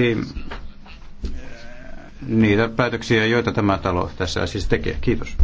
tietysti eh, niitä päätöksiä, joita tämä talo tässä asiassa tekee. Kiitos.